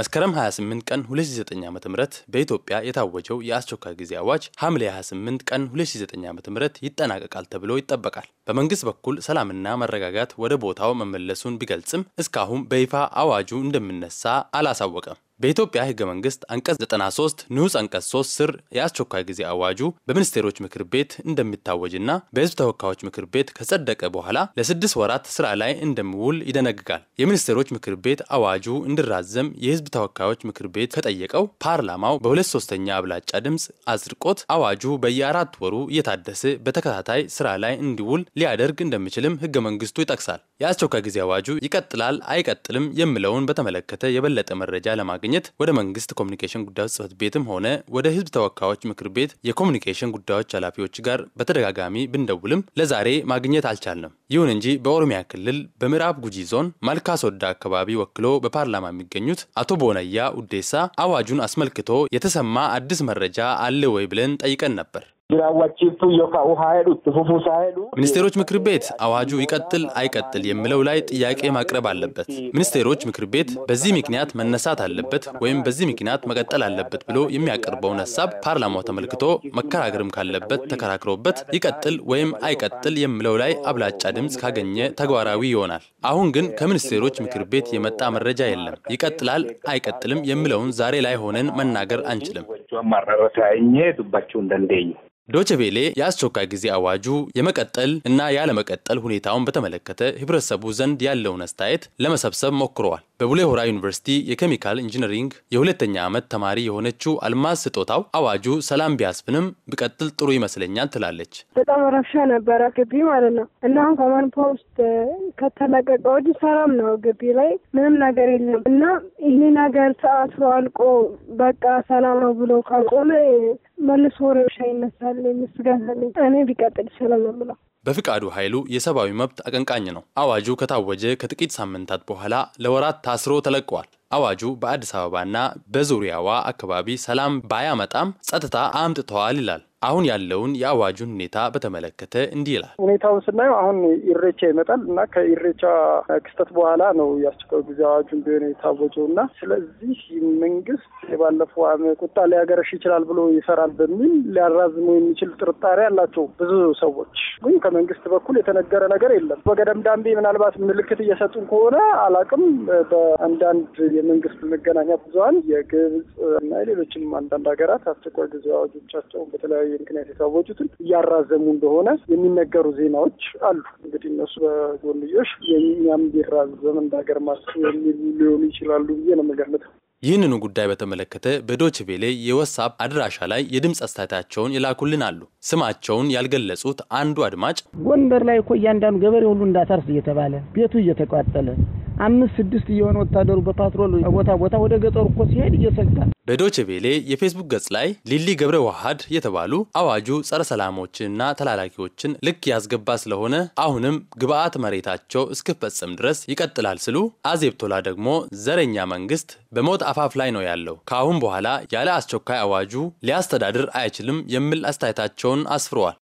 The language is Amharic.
መስከረም 28 ቀን 2009 ዓ.ም በኢትዮጵያ የታወጀው የአስቸኳይ ጊዜ አዋጅ ሐምሌ 28 ቀን 2009 ም ይጠናቀቃል ተብሎ ይጠበቃል። በመንግስት በኩል ሰላምና መረጋጋት ወደ ቦታው መመለሱን ቢገልጽም እስካሁን በይፋ አዋጁ እንደሚነሳ አላሳወቀም። በኢትዮጵያ ህገ መንግስት አንቀጽ 93 ንዑስ አንቀጽ 3 ስር የአስቸኳይ ጊዜ አዋጁ በሚኒስቴሮች ምክር ቤት እንደሚታወጅና በህዝብ ተወካዮች ምክር ቤት ከጸደቀ በኋላ ለስድስት ወራት ስራ ላይ እንደሚውል ይደነግጋል። የሚኒስቴሮች ምክር ቤት አዋጁ እንዲራዘም የህዝብ ተወካዮች ምክር ቤት ከጠየቀው ፓርላማው በሁለት ሶስተኛ አብላጫ ድምፅ አጽድቆት አዋጁ በየአራት ወሩ እየታደሰ በተከታታይ ስራ ላይ እንዲውል ሊያደርግ እንደሚችልም ህገ መንግስቱ ይጠቅሳል። የአስቸኳይ ጊዜ አዋጁ ይቀጥላል አይቀጥልም የሚለውን በተመለከተ የበለጠ መረጃ ለማግኘት ወደ መንግስት ኮሚኒኬሽን ጉዳዮች ጽህፈት ቤትም ሆነ ወደ ህዝብ ተወካዮች ምክር ቤት የኮሚኒኬሽን ጉዳዮች ኃላፊዎች ጋር በተደጋጋሚ ብንደውልም ለዛሬ ማግኘት አልቻልንም። ይሁን እንጂ በኦሮሚያ ክልል በምዕራብ ጉጂ ዞን መልካ ሶዳ አካባቢ ወክሎ በፓርላማ የሚገኙት አቶ ቦነያ ውዴሳ አዋጁን አስመልክቶ የተሰማ አዲስ መረጃ አለ ወይ ብለን ጠይቀን ነበር። ሚኒስቴሮች ምክር ቤት አዋጁ ይቀጥል አይቀጥል የሚለው ላይ ጥያቄ ማቅረብ አለበት። ሚኒስቴሮች ምክር ቤት በዚህ ምክንያት መነሳት አለበት ወይም በዚህ ምክንያት መቀጠል አለበት ብሎ የሚያቀርበውን ሀሳብ ፓርላማው ተመልክቶ መከራከርም ካለበት ተከራክሮበት ይቀጥል ወይም አይቀጥል የሚለው ላይ አብላጫ ድምፅ ካገኘ ተግባራዊ ይሆናል። አሁን ግን ከሚኒስቴሮች ምክር ቤት የመጣ መረጃ የለም። ይቀጥላል አይቀጥልም የሚለውን ዛሬ ላይ ሆነን መናገር አንችልም። ዶቼ ቬሌ የአስቸኳይ ጊዜ አዋጁ የመቀጠል እና ያለመቀጠል ሁኔታውን በተመለከተ ህብረተሰቡ ዘንድ ያለውን አስተያየት ለመሰብሰብ ሞክረዋል። በቡሌ ሆራ ዩኒቨርሲቲ የኬሚካል ኢንጂነሪንግ የሁለተኛ ዓመት ተማሪ የሆነችው አልማዝ ስጦታው አዋጁ ሰላም ቢያስፍንም ብቀጥል ጥሩ ይመስለኛል ትላለች። በጣም ረብሻ ነበረ ግቢ ማለት ነው እና አሁን ኮማን ፖስት ከተለቀቀ ወዲህ ሰላም ነው ግቢ ላይ ምንም ነገር የለም እና ይህ ነገር ሰዓቱ አልቆ በቃ ሰላም ነው ብሎ ካቆመ መልሶ ረብሻ ይነሳል የሚስጋታለኝ እኔ ቢቀጥል ይችላል ነው በፍቃዱ ኃይሉ የሰብአዊ መብት አቀንቃኝ ነው። አዋጁ ከታወጀ ከጥቂት ሳምንታት በኋላ ለወራት ታስሮ ተለቋል። አዋጁ በአዲስ አበባና በዙሪያዋ አካባቢ ሰላም ባያመጣም ጸጥታ አምጥተዋል ይላል። አሁን ያለውን የአዋጁን ሁኔታ በተመለከተ እንዲህ ይላል። ሁኔታውን ስናየው አሁን ኢሬቻ ይመጣል እና ከኢሬቻ ክስተት በኋላ ነው የአስቸኳይ ጊዜ አዋጁን ቢሆን የታወጀው እና ስለዚህ መንግስት የባለፈው ዓመት ቁጣ ሊያገረሽ ይችላል ብሎ ይሰራል በሚል ሊያራዝሙ የሚችል ጥርጣሬ አላቸው ብዙ ሰዎች። ግን ከመንግስት በኩል የተነገረ ነገር የለም። በገደምዳንቤ ምናልባት ምልክት እየሰጡን ከሆነ አላቅም። በአንዳንድ የመንግስት መገናኛ ብዙሀን የግብጽ እና የሌሎችም አንዳንድ ሀገራት አስቸኳይ ጊዜ አዋጆቻቸውን በተለያዩ በተለያየ ምክንያት የታወጁትን እያራዘሙ እንደሆነ የሚነገሩ ዜናዎች አሉ። እንግዲህ እነሱ በጎንዮሽ የኛም ቢራዘም እንደ ሀገር ማስ የሚሉ ሊሆኑ ይችላሉ ብዬ ነው የምገምተው። ይህንኑ ጉዳይ በተመለከተ በዶች ቬለ የወሳብ አድራሻ ላይ የድምፅ አስተያየታቸውን ይላኩልን አሉ። ስማቸውን ያልገለጹት አንዱ አድማጭ ጎንደር ላይ እኮ እያንዳንዱ ገበሬ ሁሉ እንዳታርስ እየተባለ ቤቱ እየተቋጠለ አምስት ስድስት እየሆነ ወታደሩ በፓትሮል ቦታ ቦታ ወደ ገጠሩ እኮ ሲሄድ እየሰጋ በዶቼ ቬሌ የፌስቡክ ገጽ ላይ ሊሊ ገብረ ዋሃድ የተባሉ አዋጁ ጸረ ሰላሞችንና ተላላኪዎችን ልክ ያስገባ ስለሆነ አሁንም ግብአት መሬታቸው እስክፈጸም ድረስ ይቀጥላል ስሉ፣ አዜብቶላ ደግሞ ዘረኛ መንግስት በሞት አፋፍ ላይ ነው ያለው፣ ከአሁን በኋላ ያለ አስቸኳይ አዋጁ ሊያስተዳድር አይችልም የሚል አስተያየታቸውን አስፍረዋል።